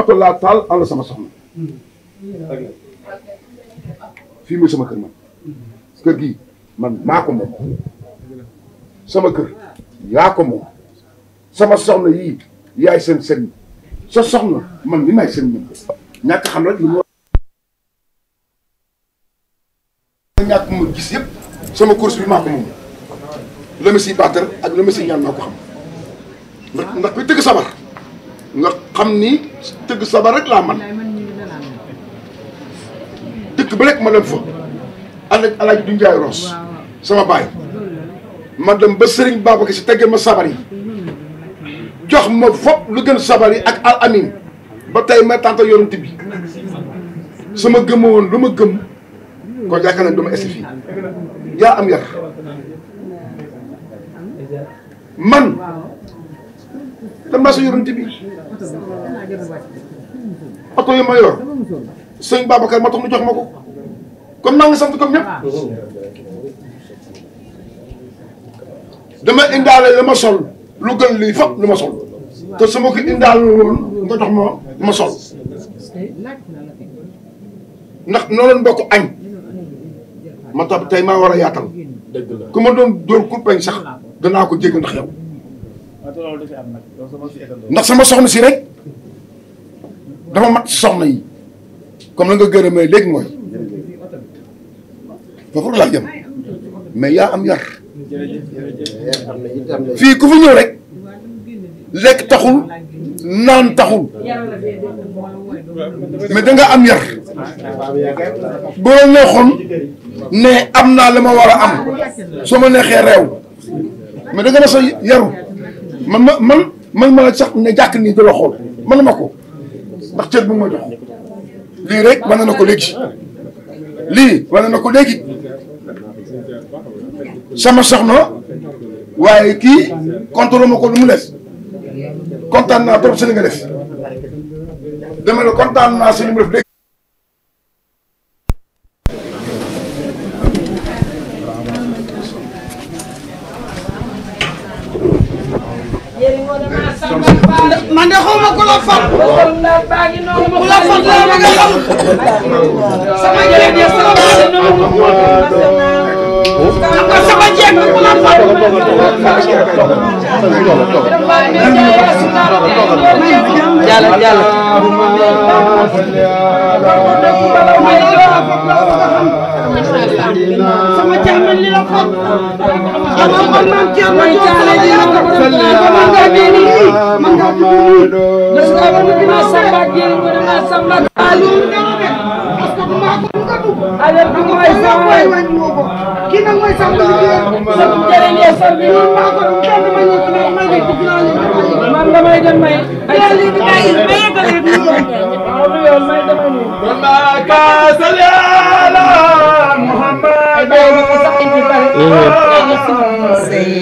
oto laa taal ànd sama soxna mm. fii muy sama kër man kër gi man maa ko moom kër yaa ko moom sama soxna yii yaay seen seen sa soxna man li may seen ñun ñàkk xam rek li mu ñàkk ma gis yëpp sama course bi maa ko moom la ma siy baatar ak la ma siy ñaan maa ko xam ndax tëgg sabar nga xam ni tëgg sabar rek laa man dëkk ba rek ma dem fa ànd ak du njaay roos sama baay ma dem ba sëriñ Babacar si teggee ma sabar yi jox ma fop lu gën sabar yi ak al amin ba tey ma tànta yorante bi sama gëma woon lu ma gëm koo yaakaar nañ du ma esti yaa am yar man dem naa sa yorante bi oto yi ma yor sëñ ma tax nu jox ma ko kon maa ngi sant comme ñëpp dama indaale la masol lu gën li fop lu ma ko indaale woon nga jox ma ma ndax noo leen bokk añ ma tax tey maa war a yaatal ku ma doon dóor kurpeñ sax danaa ko jégg ndax yow ndax sama soxna si rek dafa mat soxna yi comme la nga gërëmee léegi mooy foofu laa jëm mais yaa am yar fii ku fi ñëw rek lekk taxul naan taxul mais da am yar bu la neexoon ne am naa li ma am soo ma neexee réew mais ma sa man ma man man ma sax ne jàkk nii di la xool man ma ko ndax cër bu ma jox lii rek wane na ko léegi lii wane na ko léegi sama soxna waaye kii contrôle ma ko lu mu def kontaan naa trop si li nga def dama ne kontaan naa si li mu def man de xaw ma ku la fat ku la fat la ma nga xam sama njëriñ ya sama baax na am nga sama jeeg ku la fat jàll jàll sama caaman li la fat am nga man caaman caaman li la fat Karagiye ko na samba alu ndobe asko ko ma ko ko ale ko ko ay sa ko ay wan mo ko kina moy sa ko liye sa ko jere ne sarbi non ma ko ko tan ma ni ko ma ni ko na ni man da may dem may ay li bi tay may ko le ni ko do yo may dem ni ma ka salam muhammad sayyid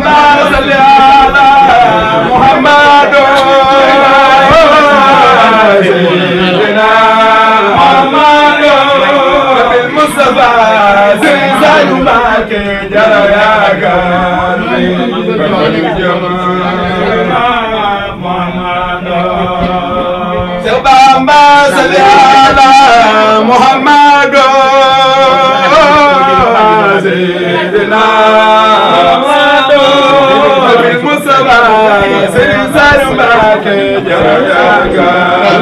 Bamba Sëriñ Saliou Mbacké jara yaakaar Sëriñ Bamba salli ala Muhammad Seydina Muhammad Mustafa Sëriñ Saliou Mbacké jara yaakaar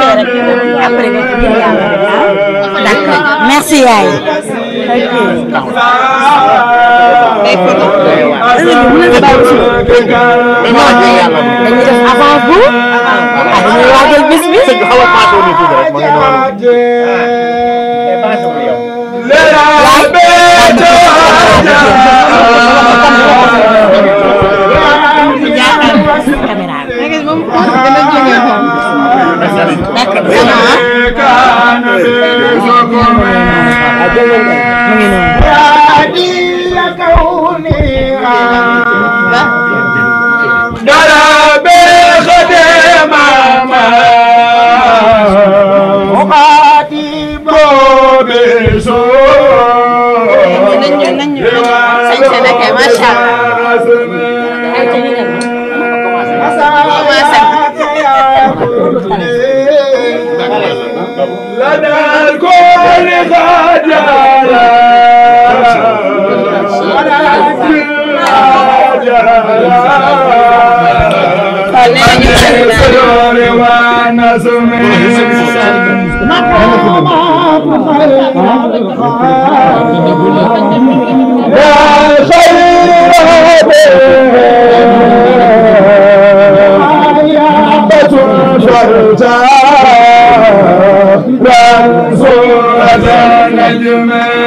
après nga tuddee yàlla ah d'accord merci yaay. ok. dañuy def avant bu. ah dañuy waajal bis bi. caméra mu ngi noonu Thank you, man.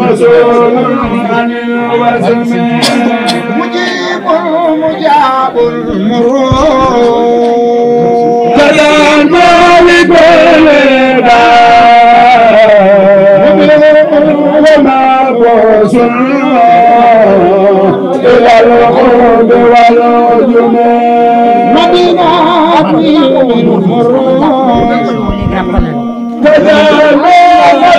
مسؤول عن الوزن مجيب مجاب المرور فلا مالك وما إلى القرب والجمال مدينة المرور فلا مالك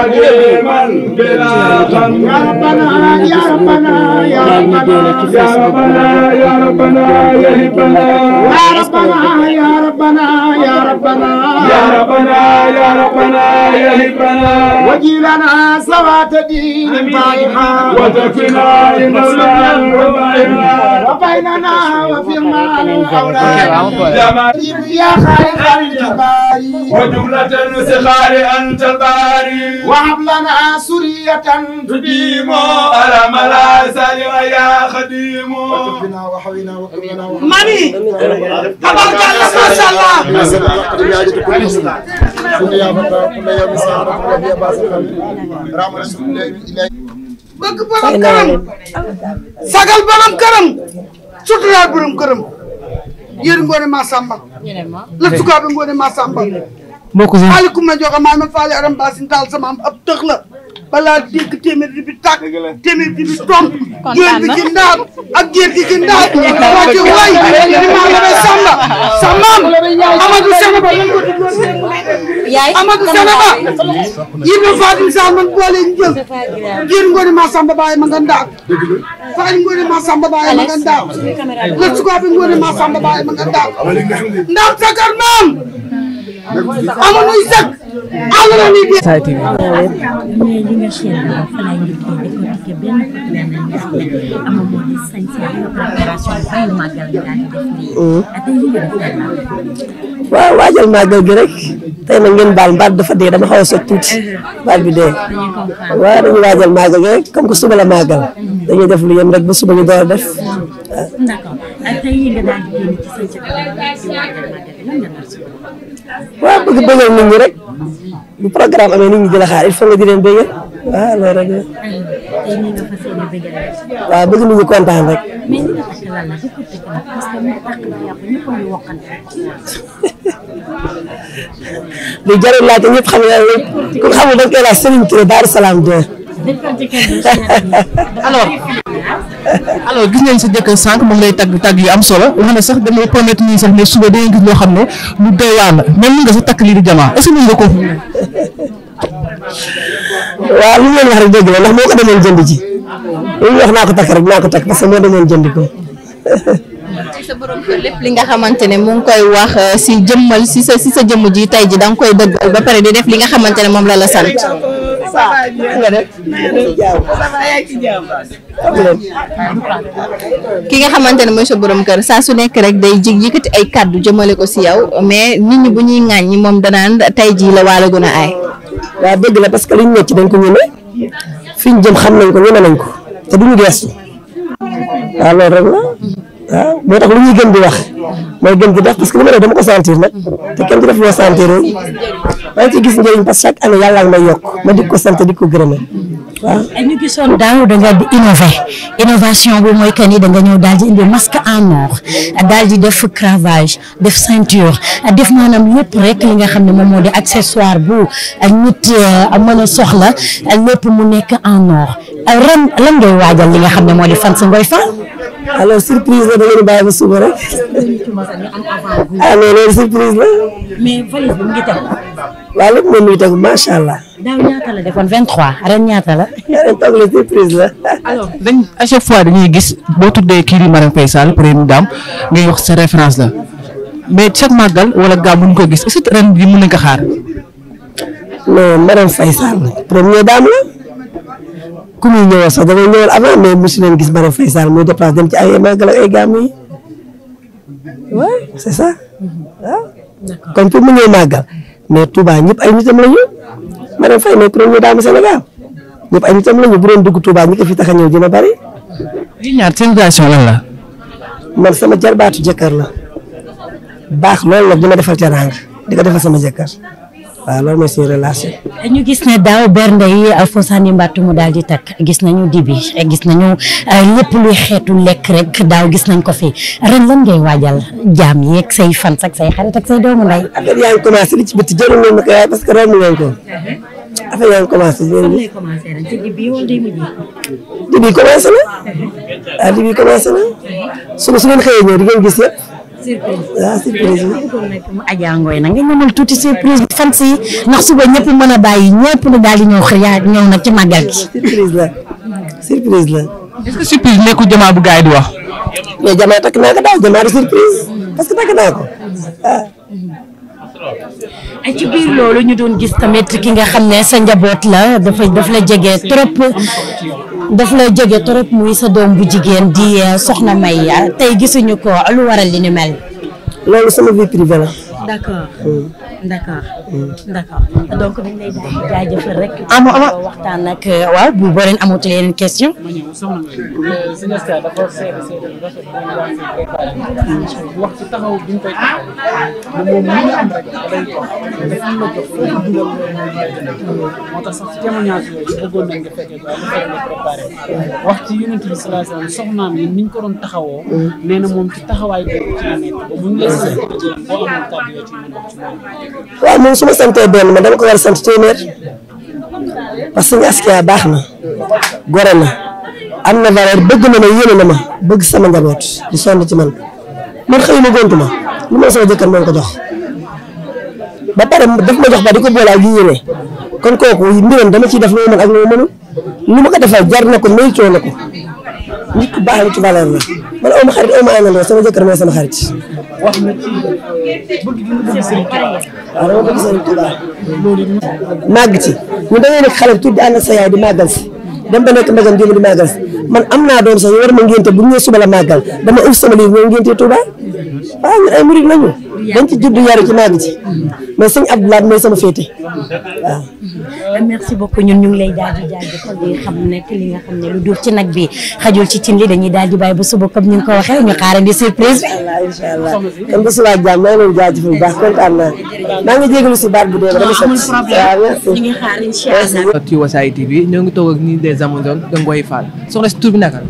man بلا يا ربنا يا ربنا يا ربنا يا ربنا يا ربنا يا ربنا يا ربنا يا ربنا يا ربنا يا ربنا يا ربنا يا ربنا وجيلنا سوات دين فاتحة وتكفنا إن الله وبيننا وفي مال الأولاد يا خير الجبار وجملة السخار أنت الباري وهب لنا سرية تديم ألم لا سلم يا خديم وكفنا وحوينا وكلنا ماني تبارك الله ما شاء الله كل يا فتى كل يا مسار كل يا باسل رام رسول الله bëgg borom këram sagal borom këram suturaal borom këram yéen ngoone Massamba la tukaab ngoone Massamba mbokk si maaleykum ma joxe maa ma faale aram ba si taal sama am ab tëx la balaa dégg téeméer bi bi tàkk téeméer bi bi tomb géer bi ci ak géer gi ci ndaal moo ci way li samba samaam Amadou Seneba lan ko tuddoon Amadou Seneba man boole ñu jël géer ngoone ma samba bàyyi ma nga ndaal faal ngoone ma samba bàyyi ma nga ndaal lëtsukaa maam amuñu sëg am nañu biir. Sa TV. mais li nga chaîne bi fa lay liggéey di ko dikkee benn problème la nga xam ne ama moo di sañ si ay préparation bayu màggal nga daan def nii. tey li nga def waaw waajal màggal gi rek tey na ngeen baal mbaat dafa dee dama xaw a sot tuuti baat bi dee waaw dañuy waajal màggal gi rek comme que suba la màggal dañuy def lu yem rek ba suba ñu door a def. d'accord tey nga daan génn ci sa waaw bëgg bëggal nit ñi rek bu programme amee nit ñi xaar il faut nga di leen bëggal waaw loolu rek la. waaw bëgg nit ñi kontaan rek. lu jarul xam nga ku xamul da nga koy Salaam Dóor. alors gis nañ sa jëkkër sànq moom ngi lay tagg tagg yu am solo wax na sax damay promettre nii sax ne suba da ngay gis loo xam ne lu doy waar la même mun nga sa takk lii di jamaa est ce nga ko. waaw li ngeen wax rek dëgg la ndax moo ko ji li wax naa ko takk rek naa ko takk parce que moo demoon jënd ko. ci sa borom kër lépp li nga xamante ne mu ngi koy wax euh, si jëmmal si sa si sa jëmm ji tey ji da koy dëggal ba pare di def li nga xamante ne moom la la sant. ki nga xamante ne mooy sa borom kër saa su nekk rek day jig yëkkati ay kàddu jëmale ko si yow mais nit ñi bu ñuy ŋàññi moom danaan tey jii la waale gën a aay. waaw dëgg la parce que liñ nekk dañ ko ñeme fi ñu jëm xam nañ ko ñeme ko te duñu geestu waaw loolu rek la waaw moo tax lu gën di wax mooy gën di def parce que li ma ne dama ko sentir nag te kenn du def loo sentir maa ngi gis njëriñ parce que chaque année yàlla may yokk ma di ko sant di ko gërëmee waaw. ñu gisoon daaw da nga di innover innovation bi mooy que ni da nga ñëw daal di indi masque en or daal di def cravage def ceinture def maanaam lépp rek li nga xam ne moom moo di accessoire bu nit euh, mën a soxla lépp mu nekk en a ren lan ngay waajal li nga xam ne moo di fan sa ngoy fan. alors surprise la da ngeen bàyyi ba suba rek. waaw lépp moom mi ngi toog allah. daaw ñaata la defoon 23 ren ñaata la. ren toog la surprise chaque fois dañuy gis boo tuddee kii di Marème Faye Sall première dame ngay wax sa référence la mais chaque màggal wala gàmmu ko gis est-ce que ren jii mën ko xaar. non Marème Faye Sall première dame la ku muy ñëwoon sax dangay ñëwoon avant mais mosu leen gis Marème Faye Sall muy déplacé dem ci ay màggal ak ay gàmmu yi c'est ça mm-hmm. ah. kon pour mu ñëw màggal. mais Touba ñëpp ay nitam la ñu Marème Faye mooy première dame Sénégal ñëpp ay nitam la ñu bu doon dugg Touba ñi ko fi tax a ñëw dina bari. lii ñaar seen relation lan la. man sama jarbaatu jëkkër la baax loolu nag dama defal teraanga di ko defal sama jëkkër. waaw loolu mooy suñu relation. ñu gis ne daaw bernde yi Fosani Mbattu mu daal di takk gis nañu dibi gis nañu euh, lépp luy xeetu lekk rek daaw gis nañ ko fi ren lan ngay waajal jaam yeeg say fan ak say xarit ak say doomu ndey. affaire yaa li ci bitti jëloon nañ ma ko waaye parce que romb nañ yaa ngi commencé. dibi wala ah, na. su ma xëyee ñëw di gis yëpp. ah surprise mu Adja Ngoye nag nga ñamal tuuti surprise bi fan si ndax suba ñëpp mën a bàyyi ñëpp ñu daal di ñëw xëy na nag ci màggal gi. surprise la surprise la. est jamaa bu gars wa di wax. mais jamaa daal jamaa surprise parce que takk naa ko ah. ci biir loolu ñu doon gis tamit ki nga xam ne sa njaboot la dafa daf la jege trop daf la jege trop muy sa doom bu jigéen di euh, soxna May tey gisuñu ko lu waral li ni loolu sama vie privée la. d' accord mm. d' accord mm. d' accord donc dañ lay jaajëfal rek. ama ah, ama waxtaan ak euh, waaw bu boo leen amatee yeneen question. Mm. wax ci taxaw bi ñu koy moom moom am rek day toog mais am na jox dugal moo tax sax ci témoignage yooyu bëggoon nañ nga fekkee ba nga préparé wax ci yonent bi sallallahu alayhi wasallam soxnaam yi ni ñu ko doon taxawoo nee na moom ci taxawaay boobu ci la nekk ba bu ñu lay sëñ boo amul kàddu waaw moom suma ma santee benn ma dama ko war sant téeméer parce que suñu askan baax na gore na am na valeur bëgg na ma yéene na ma bëgg sama njaboot di sonn ci man man xëy na gontu ma lu ma sama jëkkër moo ko jox ba pare daf ma jox ba di ko boole ak yéene kon kooku mbiram dama ciy def lu ma mën ak lu ma mënul lu ma ko defal jar na ko ko. nit ku baax la nit man aw ma xarit aw ma àndandoo sama jëkkër mooy sama xarit. wax nga ci bëgg gi nga bëgg Serigne Touba. waaw ah, dama bëgg Serigne Touba. sa yaay di màggal si dem ba nekk magam jëmm di màggal si man am naa doon sax ñu war ma ngénte bu ñu nee suba la màggal dama ëpp sama lii ñoo ngénte Touba ah ñun ay murid lañu. dañ ci juddu yaru ci naagu ci mais sëñ Abdoulaye mooy sama féete waaw. Euh, merci beaucoup ñun ñu ngi lay daal di jaajëfal di xam nekk li nga xam ne lu duuf ci nag bi xajul ci cin li dañuy daal di bàyyi ba suba comme ko waxee ñu xaarandi surprise bi. jàmm baax kontaan naa maa ngi jégalu si baat bu dee ba dama sotti. waaw merci ñu ngi ñoo ngi toog ak ñi des Amazones de Ngoye Fall soxna si tur bi naka la.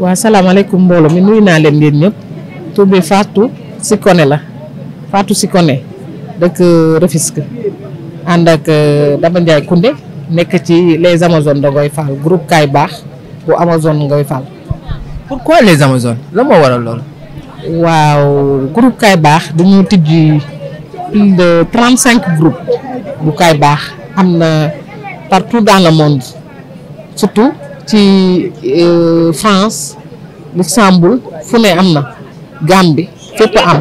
waaw salaamaaleykum mbooloo mi nuyu naa leen yéen ñëpp tur bi Fatou. Sikone la Fatou Sikone dëkk Rufisque ànd ak euh, Daba Ndiaye Koundé nekk ci les Amazones da Ngoy Fall groupe Kaay Baax bu Amazone Ngoy Fall. pourquoi les Amazones la moo waral loolu. waaw groupe Kaay Baax dañu tijji plus trente cinq groupes bu Kaay Baax am na partout dans le monde surtout ci euh, France Luxembourg fu ne am na Gambie fépp am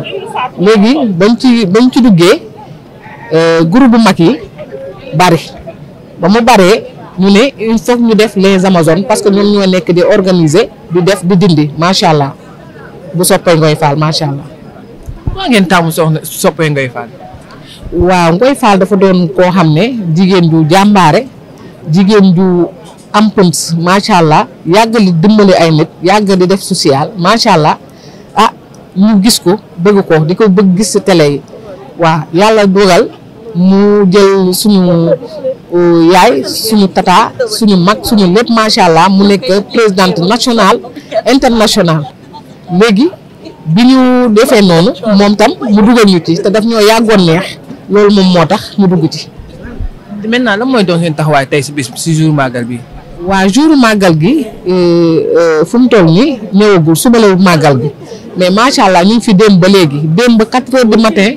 léegi bañ ci bañ ci duggee euh, groupe bu mag yi bari ba mu baree mu ne il faut ñu def les amazones parce que ñoom ñoo nekk di organiser di def di dindi macha allah bu soppee Ngoy Fall macha allah. waa ngeen taamu soxna soppee Ngoy Fall. waaw Ngoy Fall dafa doon koo xam ne jigéen ju jàmbaare jigéen ju am pëms macha allah yàgg li dimbali ay nit yàgg def social macha allah. ñu gis ko bëgg ko di ko bëgg gis ci télé yi waaw yàlla dogal mu jël suñu euh, yaay suñu tata suñu mag suñu lépp macha allah mu nekk présidente nationale internationale léegi bi ñu defee noonu moom tam mu dugal ñu ci te daf ñoo yàggoon neex loolu moom moo tax mu dugg ci. maintenant la mooy doon seen taxawaay tey si bis si jour magal bi. waa jouru màggal gi euh, euh, fu mu toll nii ñëwagul suba la màggal gi mais macha allah ñu ngi fi démb ba léegi démb ba quatre heures du matin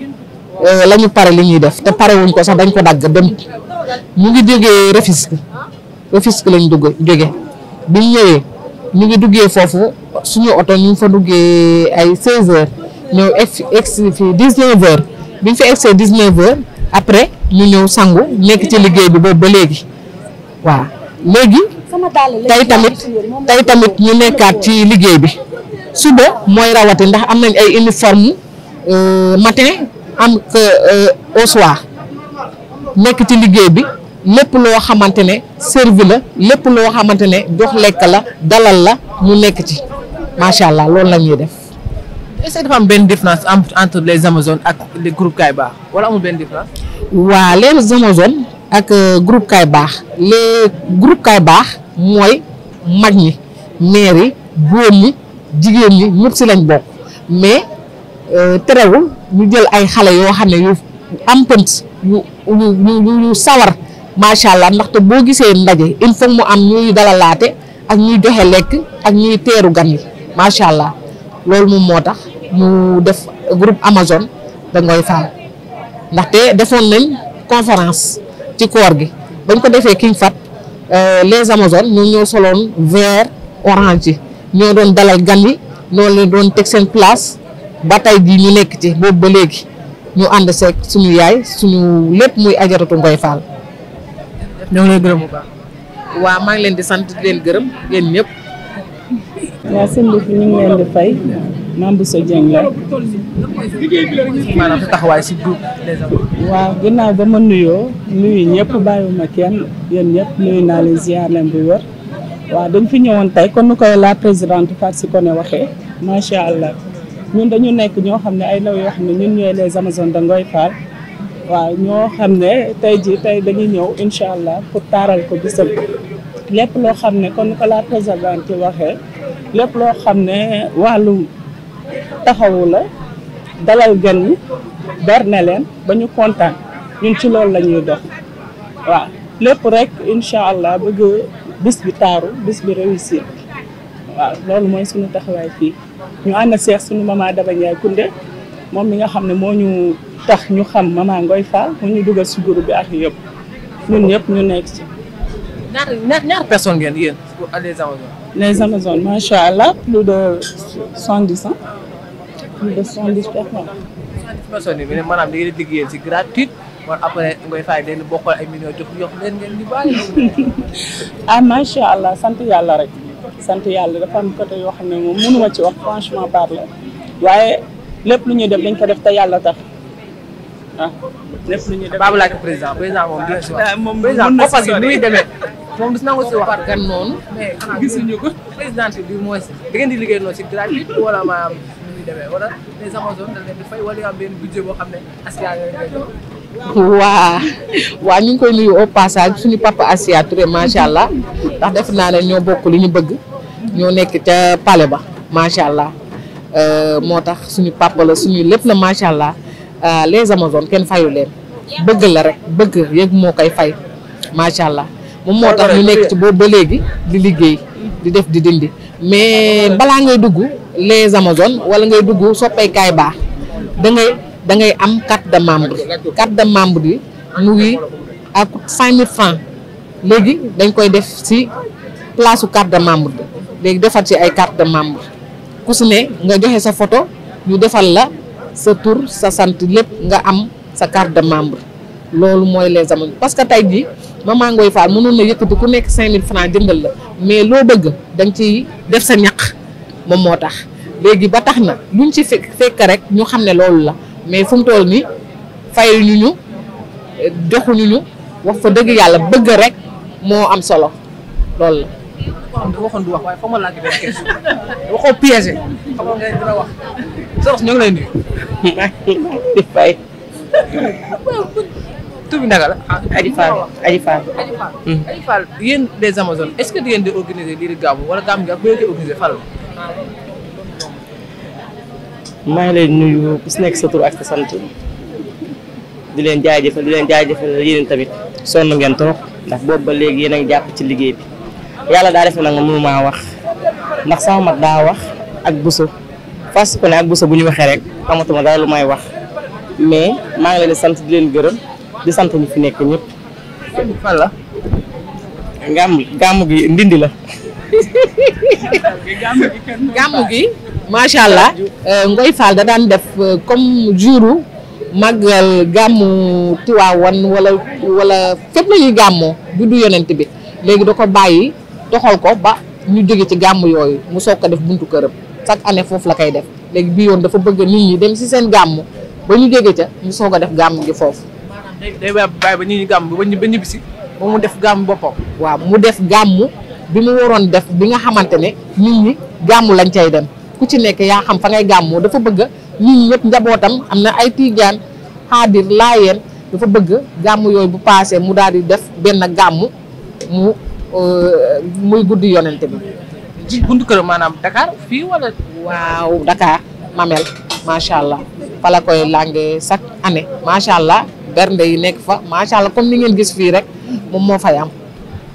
euh, la ñu pare li ñuy def te pare wuñ ko sax dañ ko dagg dem mu ngi jógee Rufisque Rufisque lañ dugg jóge biñ ñëwee ñu ngi duggee foofu suñu oto ñu ngi fa duggee ay seize heures ñëw ex fi dix neuf heures biñ fi egsee dix neuf heures après ñu ñëw sangu nekk ci liggéey bi boobu ba léegi waaw léegi tey tamit tey tamit ñu nekkaat ci liggéey bi suba mooy rawati ndax am nañ ay uniforme euh, matin am que euh, au nekk ci liggéey bi lépp loo xamante ne servi la lépp loo xamante ne jox lekk la dalal la mu nekk ci macha allah lool la ñuy def. est-ce que am benn différence entre les Amazones ak les groupes Kayba wala amul benn différence. waa les Amazones. ak euh, groupe Kaay Baax les groupe Kaay Baax mooy mag ñi maire yi góor ñi jigéen ñi ñëpp si lañ bokk mais euh, terewul ñu jël ay xale yoo xam ne yu am pënt yu yu sawar macha allah ndaxte boo gisee ndaje il faut mu am ñuy dalalaate ak ñuy joxe lekk ak ñuy teeru gan yi macha allah loolu moom moo tax mu def groupe Amazone da ngoy faal ndaxte defoon nañ conférence. ci koor gi bañ ko defee kiñ fat euh, les amazones ñoo ñoo soloon vert orange yi ñoo doon dalal gan yi loolu doon teg seen place ba tey jii ñu nekk ci boobu ba léegi ñu ànd seeg suñu yaay suñu lépp muy ajaratu Ngoy Fall. ñoo ngi lay gërëm bu maa ngi leen di sant leen gërëm yéen ñëpp. waa sëñ bi ñu ngi leen di fay. maam Bousso Dieng la. maanaam taxawaay si groupe des waaw ginnaaw ba ma nuyoo nuyu ñëpp bàyyiwuma kenn yéen ñëpp nuyu naa leen ziar leen bu wër waaw dañ fi ñëwoon tey kon nu koy la présidente Fatou Sikone waxee macha allah ñun dañu nekk ñoo xam ne ay ndaw yoo xam ne ñun ñooy les amazones da ngoy faal waaw ñoo xam ne tey jii tey dañuy ñëw incha allah pour taaral ko gisal lépp loo xam ne kon nu ko la présidente waxee lépp loo xam ne wàllu taxawu la dalal gan yi berne leen ba ñu kontaan ñun ci loolu la ñuy dox waaw lépp rek incha allah bëgg bis bi taaru bis bi réussir waaw loolu mooy suñu taxawaay fii ñu ànd seex suñu maman Daba Ndiaye Koundé moom mi nga xam ne moo ñu tax ñu xam maman Ngoy Fall moo ñu dugal si groupe bi ak yëpp ñun ñëpp ñu nekk ci. ñaar ñaar personne ngeen yéen. pour les Amazones Les Amazones, Masha'Allah, plus de 110 ans. Plus de 110 personnes. 110 personnes, mais maanaam da ngeen di liggéeyal si gratuite wala après ngay fay leen bokkal ay millions jox yokk leen ngeen di bàyyi. ah Masha'Allah sant yàlla rek. sant yàlla dafa am côté yoo xam ne moom mënu ma ci wax franchement parler waaye lépp lu ñu def dañ ko def te yàlla tax ah lépp lu ñuy def. Babou Laye président président moom. Ah, président moom mën na si demee. moom du nangu si noonu. mais si da waa ñu ngi koy nuyu au suñu papa Asia Touré macha allah ndax def naa ne ñoo bokk li ñu bëgg ñoo nekk ca pale ba macha allah euh, moo tax suñu papa la suñu lépp la macha allah euh, les Amazones kenn fayu bëgg la rek bëgg yëg moo koy fay macha allah. moom moo tax ñu nekk ci boobu ba léegi di liggéey di def di dindi mais balaa ngay dugg les Amazones wala ngay dugg soppeekaay baax da ngay da ngay am carte de membre carte de membre bi mu ngi à coûte cinq mille francs léegi dañ koy def si place su de membre bi léegi defar ci ay carte de membre ku si ne nga joxe sa photo ñu defal la sa tour sa sant lépp nga am sa carte de membre loolu mooy les Amazones parce que tey maman Ngoy Fall mënoon na yëkkati ku nekk 5000 francs jëndal la mais loo bëgg da ci def sa ñaq moom moo tax léegi ba tax na luñ ci fekk rek ñu xam ne loolu la mais fu mu toll ni fayuñu ñu joxuñu ñu wax fa dëgg yàlla bëgg rek moo am solo loolu la. waxoon waxoo piégé xam nga dina lay nuyu. tur bi naka la. Adi ah, Fall Adi Fall. Adi hmm. Fall yéen des Amazones est-ce que ngeen di organiser lii di gàmmu wala gàmmu gi ak bu ngeen koy organiser fan la. maa ngi lay nuyu ku si nekk sa tur ak sa sant di leen jaajëfal di leen jaajëfal yéen tamit sonn ngeen trop ndax boobu ba léegi yéen a ngi ci liggéey bi yàlla daa def na nga mënu maa wax ndax sama mag daa wax ak buso fas ko ne ak buso bu ñu waxee rek amatuma dara lu may wax mais maa ngi leen di sant di leen gërëm. di sant ñu fi nekk ñëpp. fan la. gi ndindi la. gàmm gi macha allah. Euh, Ngoy Fall da daan def euh, comme juru màggal gàmmu Tiwaawan wala wala fépp la gàmmoo juddu yonent bi léegi da ko bàyyi doxal ko ba ñu jóge ci gàmm yooyu mu soog ko def buntu këram chaque année foofu la koy def léegi bii yoon dafa bëgg nit ñi dem si seen gàmm ba ñu jóge ca ñu soog def gàmm gi foofu. day day bàyyi ba ñuy gàmm ba ñu ba ñibbisi ba mu def gàmm boppam. waaw mu def gàmm bi mu waroon def bi nga xamante ne nit ñi gàmm lañ cay dem ku ci nekk yaa xam fa ngay gàmmoo dafa bëgg nit ñi ñëpp njabootam am na ay tiijaan xaadir laayeen dafa bëgg gàmm yooyu bu paasee mu daal di def benn gàmm mu euh, muy guddi yonente bi. ci buntu kër maanaam Dakar fii wala. waaw Dakar Mamel macha allah fa la koy langue chaque année macha allah. bernde yi nekk fa macha allah comme ni ngeen gis fii rek moom moo fay am.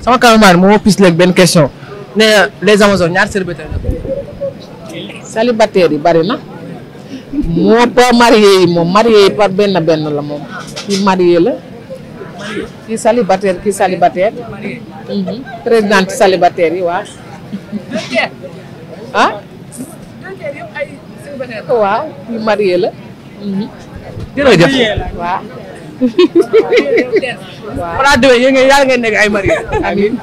sama cameraman moo pis léegi benn question ne les amazones ñaar célibataire la. célibataire yi bari na. moo pas marié yi moom marié yi benn benn la moom kii marié la. kii célibataire kii célibataire. Mhm. présidente célibataire yi waaw. ah. kii marié la. Mhm. jërëjëf balaa déwén yéen ngeen yàlla ngeen nekk ay mari amiin